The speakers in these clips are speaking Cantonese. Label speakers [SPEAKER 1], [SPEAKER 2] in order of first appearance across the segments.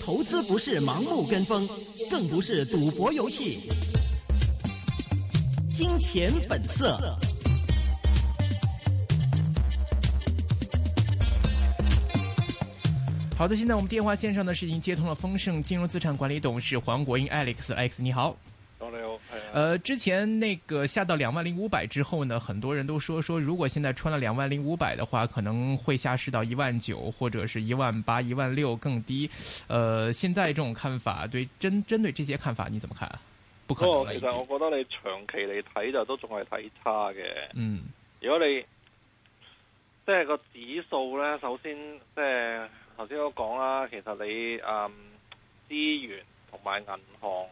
[SPEAKER 1] 投資不是盲目跟
[SPEAKER 2] 風，更不是賭博遊戲。金錢本色。好的，現在我們電話線上呢是已經接通了豐盛金融資產管理董事黃國英 Alex，Alex Alex，你好。呃，之前那個下到兩萬零五百之後呢，很多人都說說如果現在穿了兩萬零五百的話，可能會下市到一萬九或者是一萬八、一萬六更低。呃，現在這種看法，對針針對這些看法，你怎麼看？不
[SPEAKER 1] 可能了已經。其實我覺得你長期嚟睇就都仲係睇差嘅。嗯，如果你即係個指數咧，首先即係頭先我講啦，其實你嗯資源同埋銀行。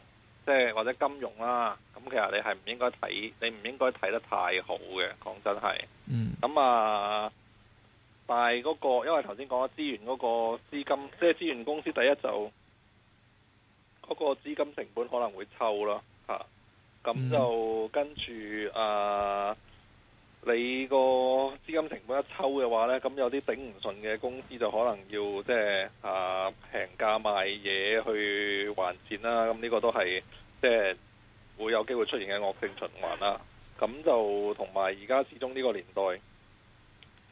[SPEAKER 1] 即係或者金融啦，咁其實你係唔應該睇，你唔應該睇得太好嘅。講真係，咁、嗯、啊，但係嗰、嗰個因為頭先講咗資源嗰個資金，即係資源公司，第一就嗰、嗰個資金成本可能會抽囉，吓、啊，咁就、嗯、跟住啊，你個資金成本一抽嘅話咧，咁有啲頂唔順嘅公司就可能要即係、就是、啊平價賣嘢去還錢啦，咁呢個都係。即係會有機會出現嘅惡性循環啦，咁就同埋而家始終呢個年代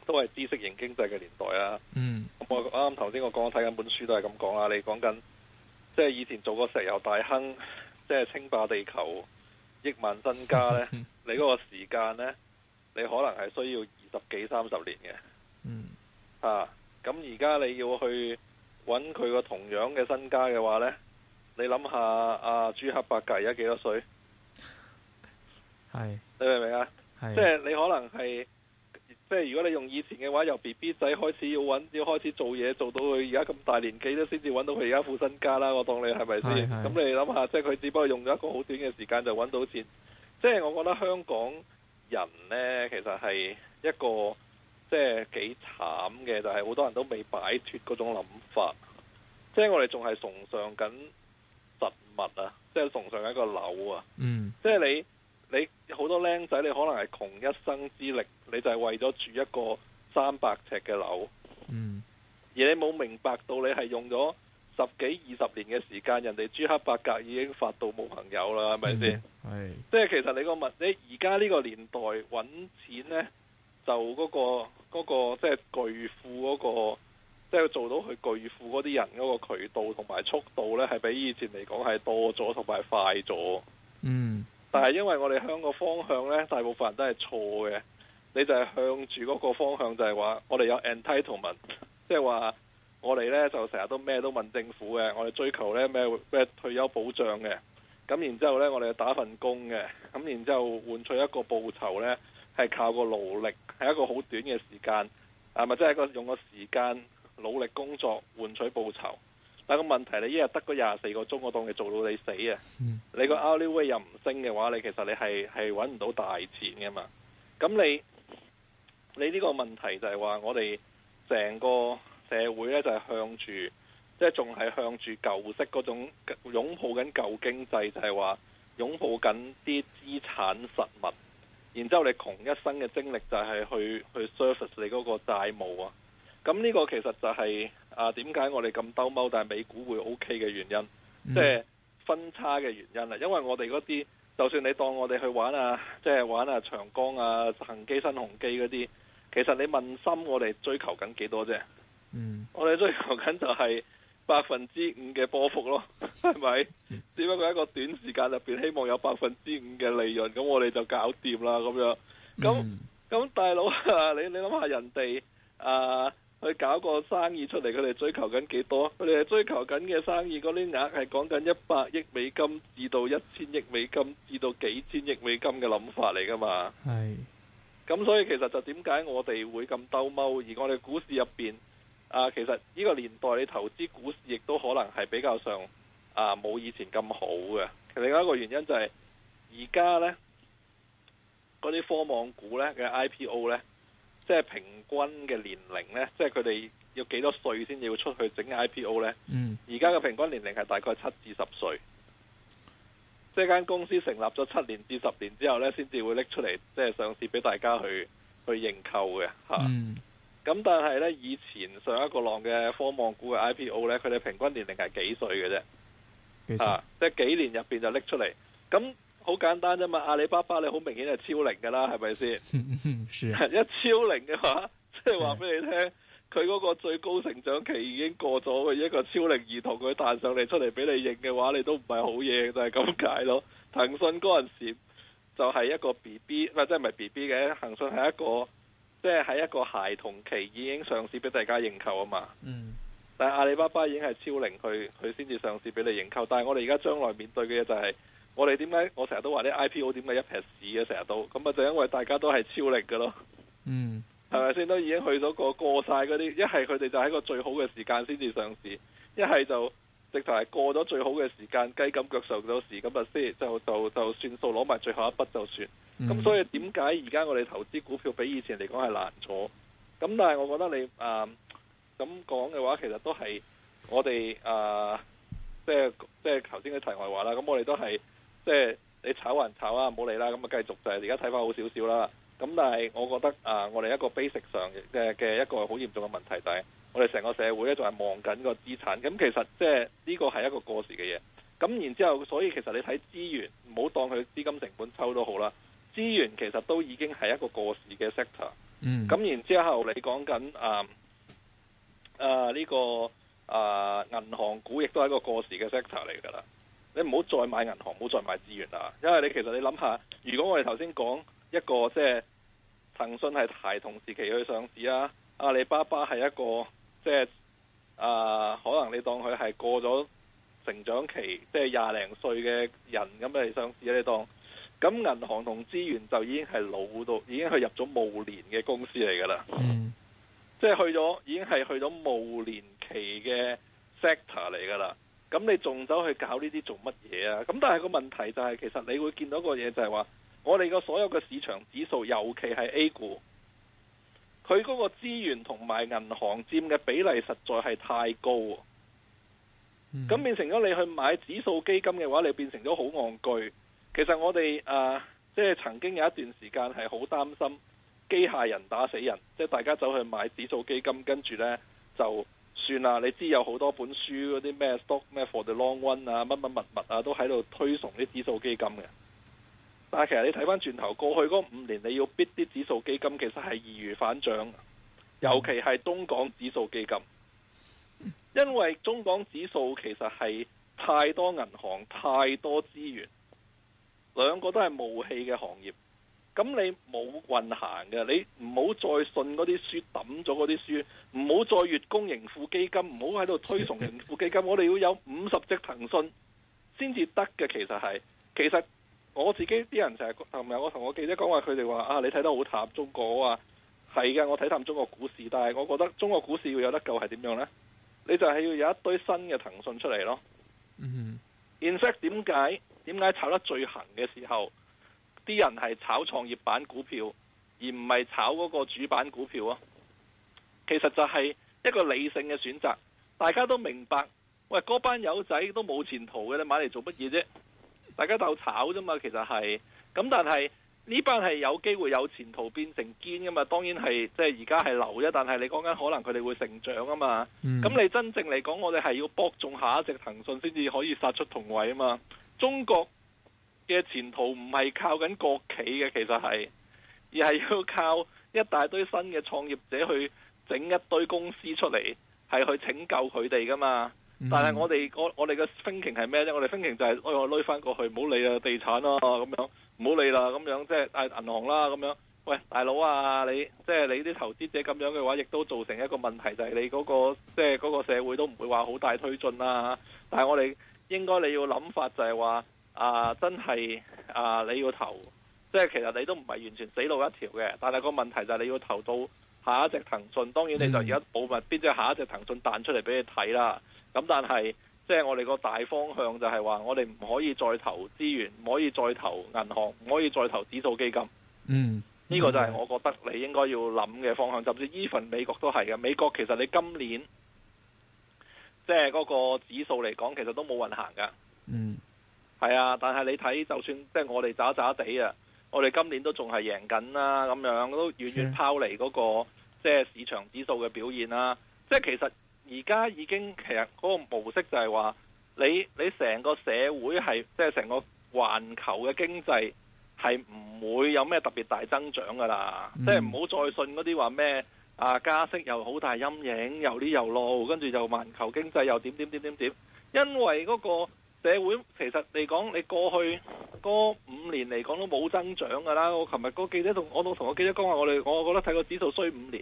[SPEAKER 1] 都係知識型經濟嘅年代啦。嗯。我啱啱頭先我講睇緊本書都係咁講啦，你講緊即係以前做個石油大亨，即、就、係、是、稱霸地球億萬身家呢， 你嗰個時間呢，你可能係需要二十幾三十年嘅。嗯。吓、啊，咁而家你要去揾佢個同樣嘅身家嘅話呢。你諗下阿、啊、朱克伯格而家幾多歲？係。是你明唔明啊？是即係你可能係即係如果你用以前嘅話，由 B B 仔開始要揾要開始做嘢，做到佢而家咁大年紀都先至揾到佢而家副身家啦。我當你係咪先？咁、嗯、你諗下，即係佢只不過用咗一個好短嘅時間就揾到錢。即係我覺得香港人呢，其實係一個即係幾慘嘅，就係、是、好多人都未擺脫嗰種諗法，即係我哋仲係崇尚緊實物啊，即係崇尚一個樓啊，嗯，即係你你好多僆仔，你可能係窮一生之力，你就係為咗住一個三百尺嘅樓，嗯，而你冇明白到你係用咗十幾二十年嘅時間，人哋朱克伯格已經發到冇朋友啦，係咪先？係、
[SPEAKER 3] 嗯，
[SPEAKER 1] 即係其實你個物，你而家呢個年代揾錢呢，就嗰個、嗰個、即係巨富嗰個。即係做到佢巨富嗰啲人嗰個渠道同埋速度呢，係比以前嚟講係多咗同埋快咗。嗯，但係因為我哋香港方向呢，大部分人都係錯嘅。你就係向住嗰個方向，就係話我哋有 entitlement，即係話我哋呢就成日都咩都問政府嘅。我哋追求呢咩咩退休保障嘅咁，然之後呢，我哋打份工嘅咁，然之後換取一個報酬呢，係靠個勞力，係一個好短嘅時間，係咪即係個用個時間？努力工作換取報酬，但個問題，你一日得個廿四個鐘，我當你做到你死啊！嗯、你個 hourly wage 又唔升嘅話，你其實你係係揾唔到大錢噶嘛？咁你你呢個問題就係話我哋成個社會咧就係向住，即係仲係向住舊式嗰種擁抱緊舊經濟，就係話擁抱緊啲資產實物，然之後你窮一生嘅精力就係去去 service 你嗰個債務啊！咁呢個其實就係啊點解我哋咁兜踎，但係美股會 OK 嘅原因，即係、嗯、分差嘅原因啦。因為我哋嗰啲，就算你當我哋去玩啊，即係玩啊長江啊、恆基、新鴻基嗰啲，其實你問心我哋追求緊幾多啫？嗯，我哋追求緊就係百分之五嘅波幅咯，係咪？只不過一個短時間入邊希望有百分之五嘅利潤，咁我哋就搞掂啦咁樣。咁咁、嗯、大佬啊，你你諗下人哋啊～佢搞個生意出嚟，佢哋追求緊幾多？佢哋係追求緊嘅生意，嗰啲額係講緊一百億美金至到一千億美金至到幾千億美金嘅諗法嚟㗎嘛。係是，咁所以其實就點解我哋會咁兜踎？而我哋股市入邊啊，其實呢個年代你投資股市亦都可能係比較上啊冇以前咁好嘅。其實另一個原因就係而家呢嗰啲科網股呢嘅 IPO 呢。即係平均嘅年齡呢，即係佢哋要幾多歲先至要出去整 IPO 呢？嗯，而家嘅平均年齡係大概七至十歲，即係間公司成立咗七年至十年之後呢，先至會拎出嚟，即係上市俾大家去去認購嘅吓。咁、啊嗯、但係呢，以前上一個浪嘅科網股嘅 IPO 呢，佢哋平均年齡係幾歲嘅啫？幾歲？啊，即係幾年入邊就拎出嚟咁。好簡單啫嘛，阿里巴巴你好明顯係超齡噶啦，係咪先？ 是
[SPEAKER 3] 一
[SPEAKER 1] 超齡嘅話，即係話俾你聽，佢嗰是個最高成長期已經過咗嘅一個超齡兒童，佢彈上嚟出嚟俾你認嘅話，你都唔係好嘢，就係咁解咯。騰訊嗰陣時就係一個 B B，或者唔係 B B 嘅，騰訊係一個即係喺一個孩童期已經上市俾大家認購啊嘛。嗯、但係阿里巴巴已經係超齡，佢佢先至上市俾你認購。但係我哋而家將來面對嘅嘢就係、是。我哋點解我成日都話啲 IPO 點解一劈市啊？成日都咁啊，就因為大家都係超力噶咯。嗯，係咪先都已經去咗個過晒嗰啲？一係佢哋就喺個最好嘅時間先至上市；一係就直頭係過咗最好嘅時間，雞咁腳上到市咁啊，先就就就，就算數攞埋最後一筆就算。咁、嗯、所以點解而家我哋投資股票比以前嚟講係難咗？咁但係我覺得你誒咁講嘅話，其實都係我哋誒、呃、即係即係頭先嘅題外話啦。咁我哋都係。即係你炒還炒啊，唔好理啦，咁啊繼續就係而家睇翻好少少啦。咁但係我覺得啊、呃，我哋一個 basic 上嘅嘅、呃、一個好嚴重嘅問題就係我哋成個社會咧仲係望緊個資產。咁、嗯、其實即係呢個係一個過時嘅嘢。咁、嗯嗯、然之後，所以其實你睇資源，唔好當佢資金成本抽都好啦。資源其實都已經係一個過時嘅 sector、嗯。咁、嗯、然之後你講緊啊啊呢個啊、呃、銀行股亦都係一個過時嘅 sector 嚟㗎啦。你唔好再買銀行，唔好再買資源啦，因為你其實你諗下，如果我哋頭先講一個即係、就是、騰訊係孩童時期去上市啊，阿里巴巴係一個即係、就是呃、可能你當佢係過咗成長期，即係廿零歲嘅人咁嚟上市，你當，咁銀行同資源就已經係老到，已經去入咗暮年嘅公司嚟噶啦，即係、嗯、去咗，已經係去咗暮年期嘅 sector 嚟噶啦。咁你仲走去搞呢啲做乜嘢啊？咁但係個問題就係、是，其實你會見到個嘢就係話，我哋個所有嘅市場指數，尤其係 A 股，佢嗰個資源同埋銀行佔嘅比例實在係太高。咁、嗯、變成咗你去買指數基金嘅話，你變成咗好戇居。其實我哋啊、呃，即係曾經有一段時間係好擔心機械人打死人，即係大家走去買指數基金，跟住呢就。算啦，你知有好多本書嗰啲咩 Stock 咩 For the Long Run 啊，乜乜物物啊，都喺度推崇啲指數基金嘅。但係其實你睇翻轉頭過去嗰五年，你要逼啲指數基金，其實係易如反掌。尤其係中港指數基金，因為中港指數其實係太多銀行、太多資源，兩個都係冇氣嘅行業。咁你冇運行嘅，你唔好再信嗰啲書，抌咗嗰啲書，唔好再月供盈富基金，唔好喺度推崇盈富基金。 我哋要有五十隻騰訊先至得嘅，其實係。其實我自己啲人成日同埋我同我記者講話，佢哋話啊，你睇得好淡中國啊，係嘅，我睇淡中國股市，但係我覺得中國股市要有得救係點樣呢？你就係要有一堆新嘅騰訊出嚟咯。
[SPEAKER 3] 嗯、
[SPEAKER 1] 哼 i n fact 點解點解炒得最行嘅時候？啲人係炒創業板股票，而唔係炒嗰個主板股票啊！其實就係一個理性嘅選擇，大家都明白。喂，嗰班友仔都冇前途嘅，你買嚟做乜嘢啫？大家鬥炒啫嘛，其實係。咁但係呢班係有機會有前途變成堅㗎嘛。當然係，即係而家係流啫。但係你講緊可能佢哋會成長啊嘛。咁、嗯、你真正嚟講，我哋係要搏中下一隻騰訊先至可以殺出同位啊嘛。中國。嘅前途唔係靠緊國企嘅，其實係，而係要靠一大堆新嘅創業者去整一堆公司出嚟，係去拯救佢哋㗎嘛。但係我哋我哋嘅風評係咩咧？我哋風評就係、是哎、我、就是哎、我拉翻過去、唔、哎、好、就是哎就是、理啊，地產咯、啊、咁樣，唔好理啦咁樣、即、就、係、是、銀行啦、啊、咁樣。喂，大佬啊，你即係、就是、你啲投資者咁樣嘅話，亦都造成一個問題，就係、是、你嗰、那個即係嗰個社會都唔會話好大推進啦。但係我哋應該你要諗法就係話。啊，真係啊！你要投，即係其實你都唔係完全死路一條嘅。但係個問題就係你要投到下一隻騰訊，當然你就而家保密，邊隻下一隻騰訊彈出嚟俾你睇啦。咁但係，即係我哋個大方向就係話，我哋唔可以再投資源，唔可以再投銀行，唔可以再投指數基金。嗯，呢、嗯、個就係我覺得你應該要諗嘅方向。甚至 even 美國都係嘅，美國其實你今年即係嗰個指數嚟講，其實都冇運行噶。嗯。係啊，但係你睇，就算即係我哋渣渣地啊，我哋今年贏都仲係贏緊啦，咁樣都遠遠拋離嗰個即係市場指數嘅表現啦。即係其實而家已經其實嗰個模式就係話，你你成個社會係即係成個環球嘅經濟係唔會有咩特別大增長噶啦。嗯、即係唔好再信嗰啲話咩啊加息又好大陰影，又呢又路，跟住就環球經濟又點點點點點，因為嗰、嗰個。社會其實嚟講，你過去嗰五年嚟講都冇增長㗎啦。我琴日個記者同我都同個記者講話，我哋我覺得睇個指數衰五年。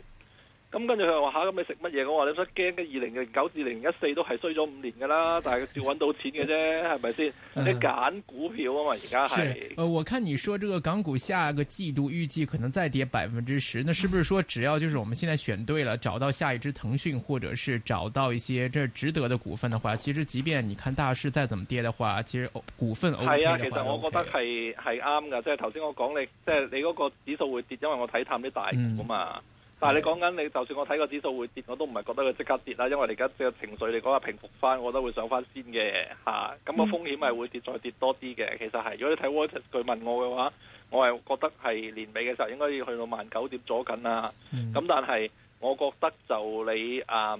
[SPEAKER 1] 咁跟住佢話嚇，咁你食乜嘢？我話你唔使驚，咁二零零九至零一四都係衰咗五年噶啦，但係要揾到錢嘅啫，係咪先？你揀股票嘛，而家係。誒、
[SPEAKER 2] 呃呃，我看你說這個港股下個季度預計可能再跌百分之十，那是不是說只要就是我們現在選對了，找到下一支騰訊，或者是找到一些這值得的股份的話，其實即便你看大市再怎麼跌的話，其實股份 O、OK、啊、嗯，其實我覺得係
[SPEAKER 1] 係啱噶，即係頭先我講你，即、就、係、是、你嗰個指數會跌，因為我睇探啲大股嘛。嗯。但係你講緊你，就算我睇個指數會跌，我都唔係覺得佢即刻跌啦，因為你而家即係情緒嚟講係平復翻，我覺得會上翻先嘅嚇。咁、啊嗰個風險係會跌再跌多啲嘅，其實係。如果你睇 WhatsApp 佢問我嘅話，我係覺得係年尾嘅時候應該要去到萬九點左近啦。咁、嗯、但係我覺得就你啊，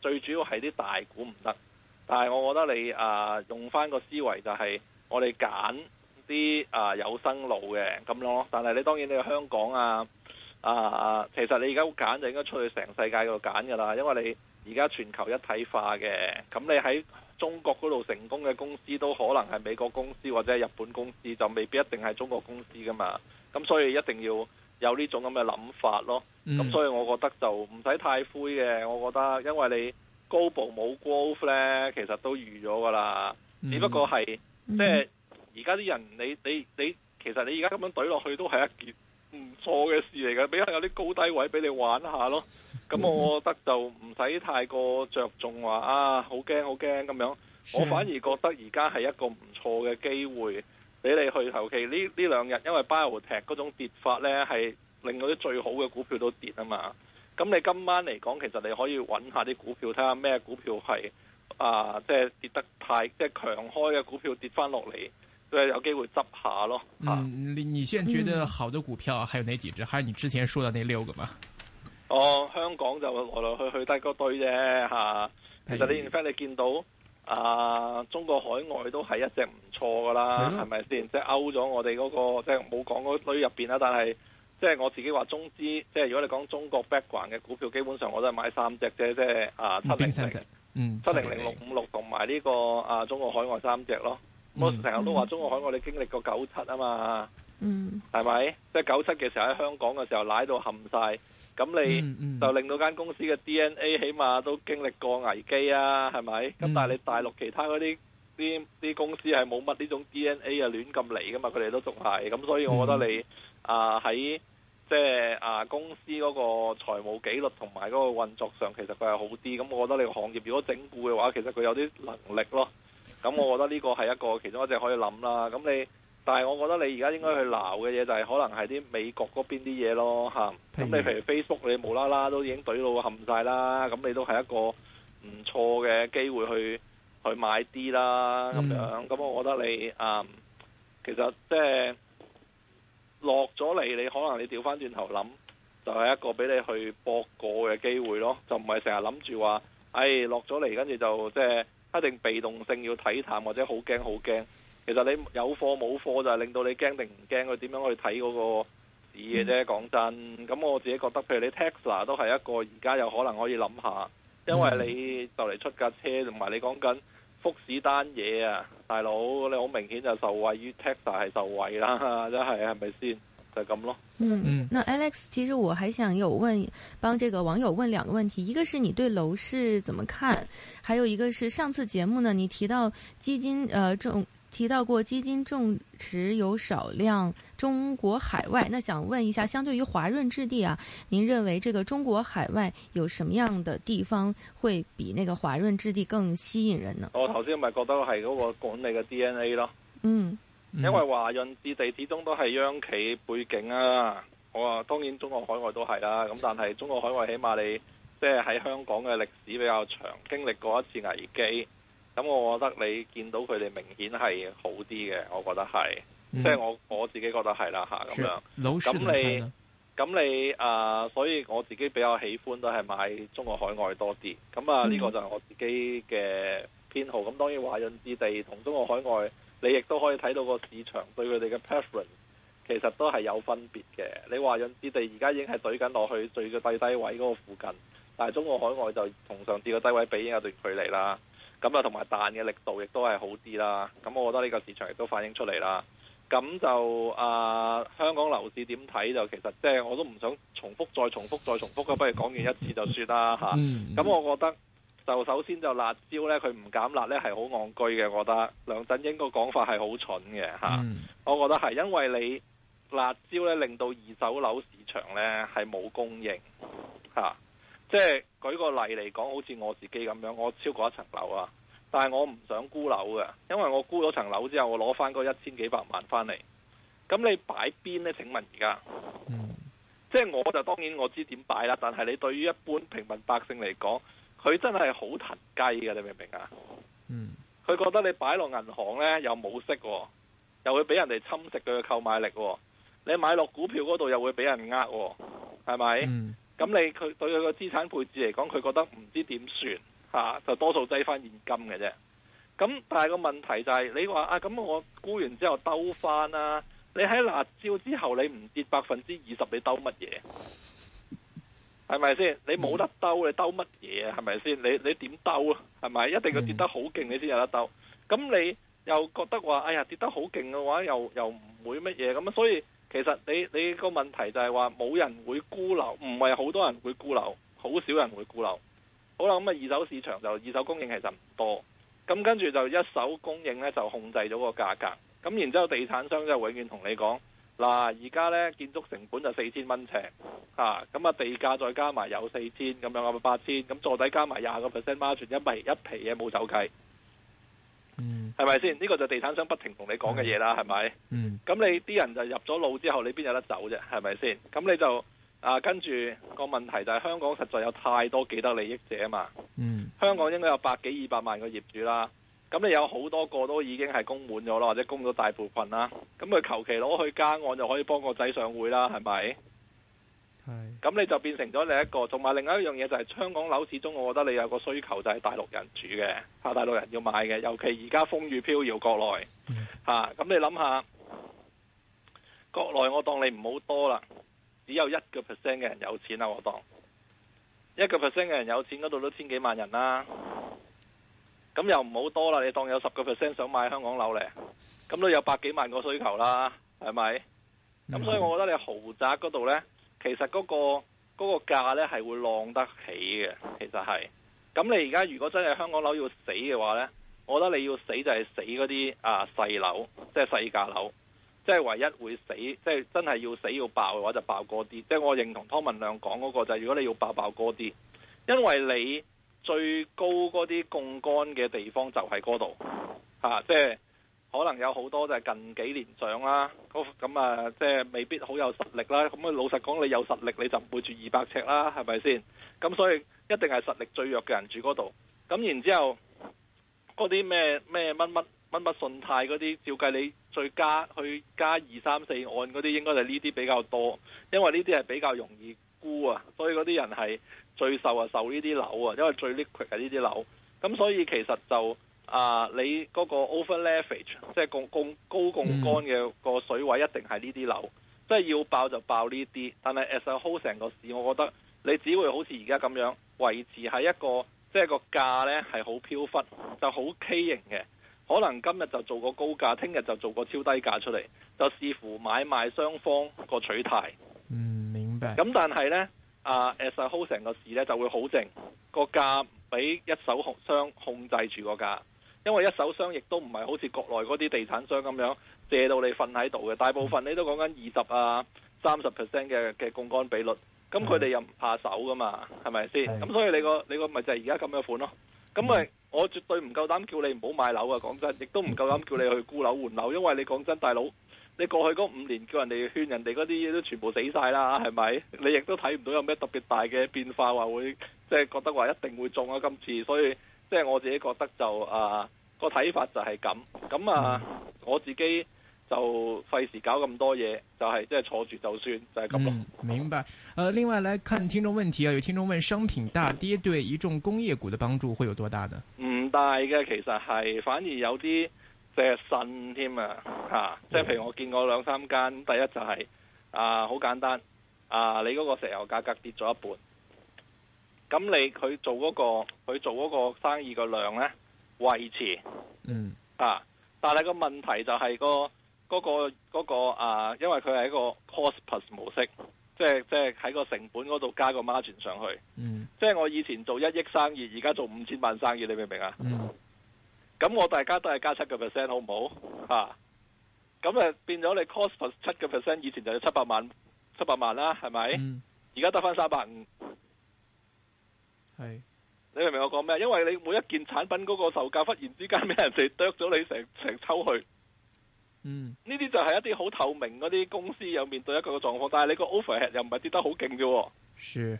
[SPEAKER 1] 最主要係啲大股唔得。但係我覺得你啊，用翻個思維就係我哋揀啲啊有生路嘅咁咯。但係你當然你去香港啊。啊啊！其實你而家揀就應該出去成世界嗰度揀噶啦，因為你而家全球一體化嘅，咁你喺中國嗰度成功嘅公司都可能係美國公司或者係日本公司，就未必一定係中國公司噶嘛。咁所以一定要有呢種咁嘅諗法咯。咁、嗯、所以我覺得就唔使太灰嘅。我覺得因為你高部冇 growth 咧，其實都預咗噶啦，
[SPEAKER 3] 只、嗯、不過係即係
[SPEAKER 1] 而家啲人你你你其實你而家咁樣懟落去都係一件。唔錯嘅事嚟嘅，俾下有啲高低位俾你玩下咯。咁我覺得就唔使太過着重話啊，好驚好驚咁樣。Senhor 我反而覺得而家係一個唔錯嘅機會，俾你去頭期呢呢兩日，因為巴油踢嗰種跌法呢，係令到啲最好嘅股票都跌啊嘛。咁你今晚嚟講，其實你可以揾下啲股票，睇下咩股票係啊，即係跌得太即係強開嘅股票跌翻落嚟。都係有機會執
[SPEAKER 2] 下咯。嗯、你現在覺得好的股票、嗯、還有哪幾隻？還是你之前說的那六個嘛？
[SPEAKER 1] 哦，香港就來來去去得嗰堆啫吓、啊。
[SPEAKER 2] 其實你 refer
[SPEAKER 1] 你見到啊，中國海外都係一隻唔錯噶啦，係咪先？即係勾咗我哋嗰，那個，即係冇講嗰堆入邊啦。但係即係我自己話中資，即、就、係、是、如果你講中國 background 嘅股票，基本上我都係買三隻啫。即、就、係、是、啊，七零零，七零零六五六同埋呢個啊，中國海外三隻咯。嗯、我成日都話中國海外，你經歷過九七啊嘛，係咪、嗯？即係九七嘅時候喺香港嘅時候陷，瀨到冚晒，咁你就令到間公司嘅 DNA 起碼都經歷過危機啊，係咪？咁、嗯、但係你大陸其他嗰啲啲啲公司係冇乜呢種 DNA 啊，亂咁嚟㗎嘛，佢哋都仲係。咁所以我覺得你啊喺即係啊公司嗰個財務紀律同埋嗰個運作上，其實佢係好啲。咁我覺得你個行業如果整固嘅話，其實佢有啲能力咯。咁、嗯、我覺得呢個係一個其中一隻可以諗啦。咁你，但係我覺得你而家應該去鬧嘅嘢就係可能係啲美國嗰邊啲嘢咯嚇。咁、嗯啊、你譬如 Facebook，你無啦啦都已經嘴佬冚晒啦。咁你都係一個唔錯嘅機會去去買啲啦，咁、嗯、樣。咁我覺得你啊、嗯，其實即係落咗嚟，你可能你調翻轉頭諗，就係一個俾你去博過嘅機會咯。就唔係成日諗住話，哎落咗嚟跟住就即、就、係、係。一定被動性要睇淡，或者好驚好驚。其實你有貨冇貨就係、是、令到你驚定唔驚？佢點樣去睇嗰個市嘅啫？講、mm hmm. 真，咁我自己覺得，譬如你 Tesla 都係一個而家有可能可以諗下，
[SPEAKER 3] 因為你
[SPEAKER 1] 就嚟出架車，同埋你講緊福士單嘢啊，大佬，你好明顯就受惠於 Tesla 係受惠啦，呵呵，真係係咪先？
[SPEAKER 2] 就係咁咯。嗯，嗯，那 Alex，其實我還想有問，幫這個網友問兩個問題，一個是你對樓市怎麼看，還有一個是上次節目呢，你提到基金，呃，重提到過基金重持有少量中國海外，那想問一下，相對於華潤置地啊，您認為這個中國海外有什麼樣的地方會比那個華潤置地更吸引人呢？我
[SPEAKER 1] 頭先咪覺得係嗰個管理嘅 DNA 咯。嗯。嗯、因為華潤置地始終都係央企背景啊，我話當然中國海外都係啦、啊，咁但係中國海外起碼你即係喺香港嘅歷史比較長，經歷過一次危機，咁我覺得你見到佢哋明顯係好啲嘅，我覺得係，即係、嗯、我我自己覺得係啦吓咁、啊、樣。咁是你咁你啊、呃，所以我自己比較喜歡都係買中國海外多啲，咁啊呢、嗯、個就係我自己嘅偏好。咁當然華潤置地同中國海外。你亦都可以睇到個市場對佢哋嘅 preference 其實都係有分別嘅。你話潤置地而家已經係對緊落去最嘅最低位嗰個附近，但係中國海外就同上次嘅低位比已經有段距離啦。咁啊，同埋彈嘅力度亦都係好啲啦。咁我覺得呢個市場亦都反映出嚟啦。咁就啊、呃，香港樓市點睇就其實即係、就是、我都唔想重複再重複再重複嘅，不如講完一次就算啦嚇。咁、啊、我覺得。就首先就辣椒咧，佢唔減辣咧，係好戇居嘅。我覺得梁振英個講法係好蠢嘅嚇。嗯、我覺得係因為你辣椒咧，令到二手樓市場咧係冇供應。嚇、啊。即係舉個例嚟講，好似我自己咁樣，我超過一層樓啊，但係我唔想沽樓嘅，因為我沽咗層樓之後，我攞翻嗰一千幾百萬翻嚟。咁你擺邊呢？請問而家，嗯、即係我就當然我知點擺啦。但係你對於一般平民百姓嚟講。佢真係好騰雞嘅，你明唔明啊？嗯，佢覺得你擺落銀行呢，又冇息、哦，又會俾人哋侵蝕佢嘅購買力、哦。你買落股票嗰度又會俾人呃、哦，係咪？咁、嗯、你佢對佢個資產配置嚟講，佢覺得唔知點算嚇，就多數擠翻現金嘅啫。咁但係個問題就係、是、你話啊，咁我沽完之後兜翻啦，你喺辣照之後，你唔跌百分之二十，你兜乜嘢？係咪先？你冇得兜，你兜乜嘢啊？係咪先？你你點兜啊？係咪？一定要跌得好勁，你先有得兜。咁你又覺得話，哎呀，跌得好勁嘅話，又又唔會乜嘢咁。所以其實你你個問題就係話，冇人會沽樓，唔係好多人會沽樓，好少人會沽樓。好啦，咁啊二手市場就二手供應其實就唔多，咁跟住就一手供應呢，就控制咗個價格。咁然之後地產商就永遠同你講。嗱，而家咧建築成本就四千蚊尺，嚇咁啊地價再加埋有四千咁樣，咁八千，咁座底加埋廿個 percent margin，一皮一皮嘢冇走計，嗯，係咪先？呢、呢個就地產商不停同你講嘅嘢啦，係咪？嗯，咁吧、嗯、你啲人就入咗路之後，你邊有得走啫？係咪先？咁你就啊跟住個問題就係香港實在有太多既得利益者啊嘛，嗯，香港應該有百幾二百萬個業主啦。咁你有好多個都已經係供滿咗啦，或者供到大部分啦。咁佢求其攞去加案就可以幫個仔上會啦，係咪？咁是你就變成咗另一個。同埋另外一樣嘢就係香港樓市中，我覺得你有個需求就係大陸人住嘅吓，怕大陸人要買嘅。尤其而家風雨飄搖、嗯啊，國內吓，咁你諗下，國內我當你唔好多啦，只有一個 percent 嘅人有錢啦，我當一個 percent 嘅人有錢嗰度都千幾萬人啦。咁又唔好多啦，你當有十個 percent 想買香港樓咧，咁都有百幾萬個需求啦，係咪？咁所以我覺得你豪宅嗰度呢，其實嗰個嗰個價呢係會浪得起嘅，其實係。咁你而家如果真係香港樓要死嘅話呢，我覺得你要死就係死嗰啲啊細樓，即係細價樓，即係唯一會死，即係真係要死要爆嘅話就爆多啲。即係我認同湯文亮講嗰個就係，如果你要爆爆多啲，因為你。最高嗰啲槓桿嘅地方就喺嗰度，嚇、啊，即係可能有好多就係近幾年上啦，咁咁啊，即係未必好有實力啦。咁、嗯、啊，老實講，你有實力你就唔會住二百尺啦，係咪先？咁所以一定係實力最弱嘅人住嗰度。咁然之後嗰啲咩咩乜乜乜乜信貸嗰啲，照計你再加去加二三四岸嗰啲，應該就係呢啲比較多，因為呢啲係比較容易沽啊，所以嗰啲人係。最受啊受呢啲樓啊，因為最 liquid 係呢啲樓，咁所以其實就啊、呃，你嗰個 over leverage，即係供供高槓桿嘅個水位一定係呢啲樓，嗯、即係要爆就爆呢啲。但係 as a whole 成個市，我覺得你只會好似而家咁樣維持喺一個即係、就是、個價呢係好飄忽，就好畸形嘅。可能今日就做個高價，聽日就做個超低價出嚟，就視乎買賣雙方個取態。
[SPEAKER 3] 嗯，明白。咁
[SPEAKER 1] 但係呢。啊，S.H.U 成個市呢，就會好靜，個價俾一手商控制住個價，因為一手商亦都唔係好似國內嗰啲地產商咁樣借到你瞓喺度嘅，大部分你都講緊二十啊三十 percent 嘅嘅槓桿比率，咁佢哋又唔怕手噶嘛，係咪先？咁的所以你個你個咪就係而家咁嘅款咯，咁咪我絕對唔夠膽叫你唔好買樓啊，講真，亦都唔夠膽叫你去沽樓換樓，因為你講真，大佬。你過去嗰五年叫人哋勸人哋嗰啲嘢都全部死晒啦，係咪？你亦都睇唔到有咩特別大嘅變化，話會即係覺得話一定會中啊今次，所以即係我自己覺得就啊、呃那個睇法就係咁。咁啊、呃，我自己就費事搞咁多嘢，就係即係坐住就算就係、係、咁。嗯，
[SPEAKER 2] 明白。誒、呃，另外嚟看聽眾問題啊，有聽眾問商品大跌對一眾工業股嘅幫助會有多大？呢，
[SPEAKER 1] 唔大嘅，其實係反而有啲。即係信添啊，吓，即係譬如我見過兩三間，第一就係、是、啊，好簡單啊，你嗰個石油價格跌咗一半，咁、啊、你佢做嗰、嗰個佢做個生意嘅量呢維持，嗯，啊，但係個問題就係個嗰、嗰個、嗰個啊，因為佢係一個 cost-plus 模式，即係即係喺個成本嗰度加個 margin 上去，嗯，即係我以前做一億生意，而家做五千萬生意，你明唔明啊？嗯咁我大家都係加七個 percent，好唔好？吓咁啊，變咗你 cost 七個 percent，以前就要七百萬，七百萬啦，係咪？而家得返三百五，係你明唔明我講咩？因為你每一件產品嗰個售價忽然之間俾人哋剁咗你成成抽去，嗯，呢啲就係一啲好透明嗰啲公司有面對一個嘅狀況。但係你個 offer 又唔係跌得好勁嘅，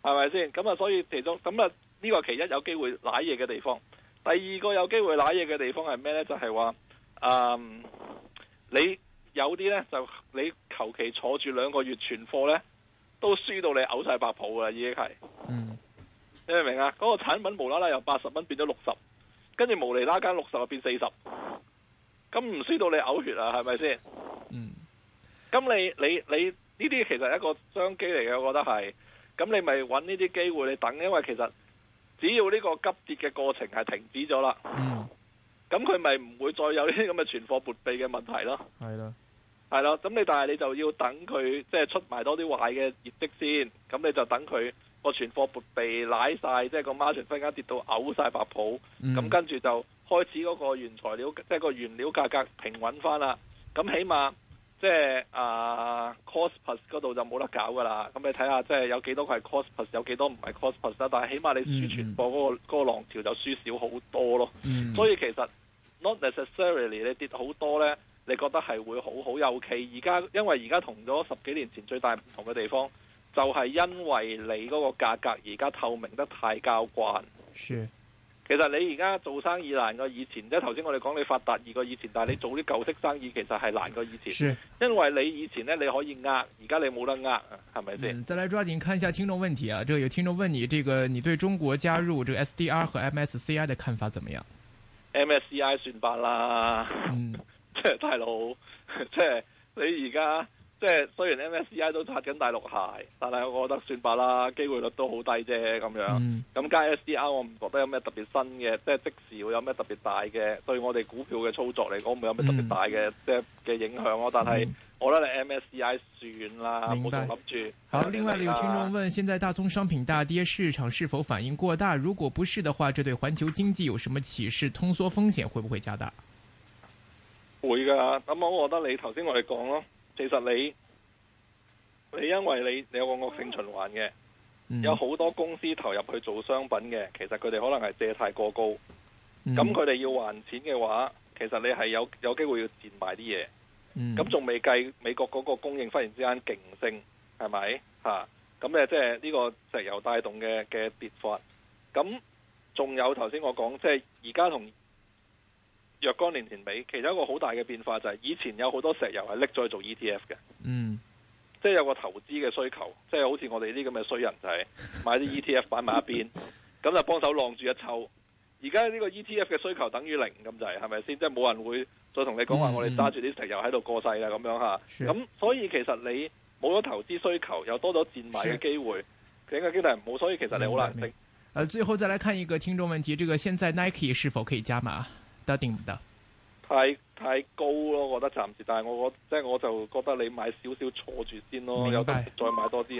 [SPEAKER 1] 係咪先？咁啊，所以其中咁啊呢個其一有機會舐嘢嘅地方。第二個有機會揦嘢嘅地方係咩呢？就係話，嗯、呃，你有啲呢，就你求其坐住兩個月全貨呢，都輸到你嘔晒白泡噶啦，已經係。
[SPEAKER 3] 嗯，
[SPEAKER 1] 你明唔明啊？嗰個產品無啦啦由八十蚊變咗六十，跟住無厘啦間六十又變四十，咁唔輸到你嘔血啦？係咪先？嗯。咁你你你呢啲其實係一個商機嚟嘅，我覺得係。咁你咪揾呢啲機會你等，因為其實。只要呢個急跌嘅過程係停止咗啦，咁佢咪唔會再有呢啲咁嘅存貨撥備嘅問題咯。係啦的，係啦，咁你但係你就要等佢即係出埋多啲壞嘅業績先，咁你就等佢、嗰個存貨撥備瀨晒，即、就、係、是、個 market 忽然間跌到嘔晒白泡。咁、嗯、跟住就開始嗰個原材料即係、就是、個原料價格平穩翻啦，咁起碼。即係啊、uh，cost plus 嗰度就冇得搞㗎喇。咁、嗯、你睇下，即係有幾多個係 cost plus，有幾多唔係 cost plus 啦。但係起碼你輸傳播嗰個浪潮就輸少好多咯。Mm hmm. 所以其實 not necessarily 你跌好多咧，你覺得係會好好尤其而家，因為而家同咗十幾年前最大唔同嘅地方就係、是、因為你嗰個價格而家透明得太交慣。Sure. 其實你而家做生意難過以前，即係頭先我哋講你發達，二個以前，但係你做啲舊式生意，其實係難過以前，是因為你以前咧你可以呃，而家你冇得呃，
[SPEAKER 2] 係咪先？再來抓緊看一下聽眾問題啊！這個、有聽眾問你，這個你對中國加入這個 SDR 和 MSCI 的看法怎麼樣
[SPEAKER 1] ？MSCI 算罷啦，即係、嗯、 大佬，即 係你而家。即係雖然 MSCI 都擦緊大陸鞋，但係我覺得算罷啦，機會率都好低啫咁樣。咁、嗯、加 SDR 我唔覺得有咩特別新嘅，即係即時會有咩特別大嘅對我哋股票嘅操作嚟講，唔會有咩特別大嘅即嘅影響咯。但係我覺得你 MSCI 算啦，冇諗住。好，你看 另外你有聽眾
[SPEAKER 2] 問，現在大宗商品大跌，市場是否反應過大？如果不是的話，這對環球經濟有什麼啟示？通縮風險會唔會加大？
[SPEAKER 1] 會㗎，咁我我覺得你頭先我哋講咯。剛才剛才其實你你因為你你有個惡性循環嘅，嗯、有好多公司投入去做商品嘅，其實佢哋可能係借貸過高，
[SPEAKER 3] 咁佢
[SPEAKER 1] 哋要還錢嘅話，其實你係有有機會要賤賣啲嘢，咁仲未計美國嗰個供應忽然之間勁升，係咪吓？咁咧即係呢個石油帶動嘅嘅跌法，咁仲有頭先我講即係而家同。就是若干年前尾，其中一個好大嘅變化就係以前有好多石油係拎咗去做 E T F 嘅。嗯，即係有個投資嘅需求，即係好似我哋呢啲咁嘅衰人就係、是、買啲 E T F 擺埋一邊，咁 就幫手晾住一抽。而家呢個 E T F 嘅需求等於零咁就係，係咪先？即係冇人會再同你講話，嗯、我哋揸住啲石油喺度過世啊，咁樣吓。咁是所以其實你冇咗投資需求，又多咗賤賣嘅機會，整個是經濟係冇，所以其實你好難
[SPEAKER 2] 升。誒，最後再來看一個聽眾問題，這個現在 Nike 是否可以加碼？得定唔得？
[SPEAKER 1] 太太高咯，我覺得暫時，但係我覺即係我就覺得你買少少坐住先咯，有得再買多啲啦。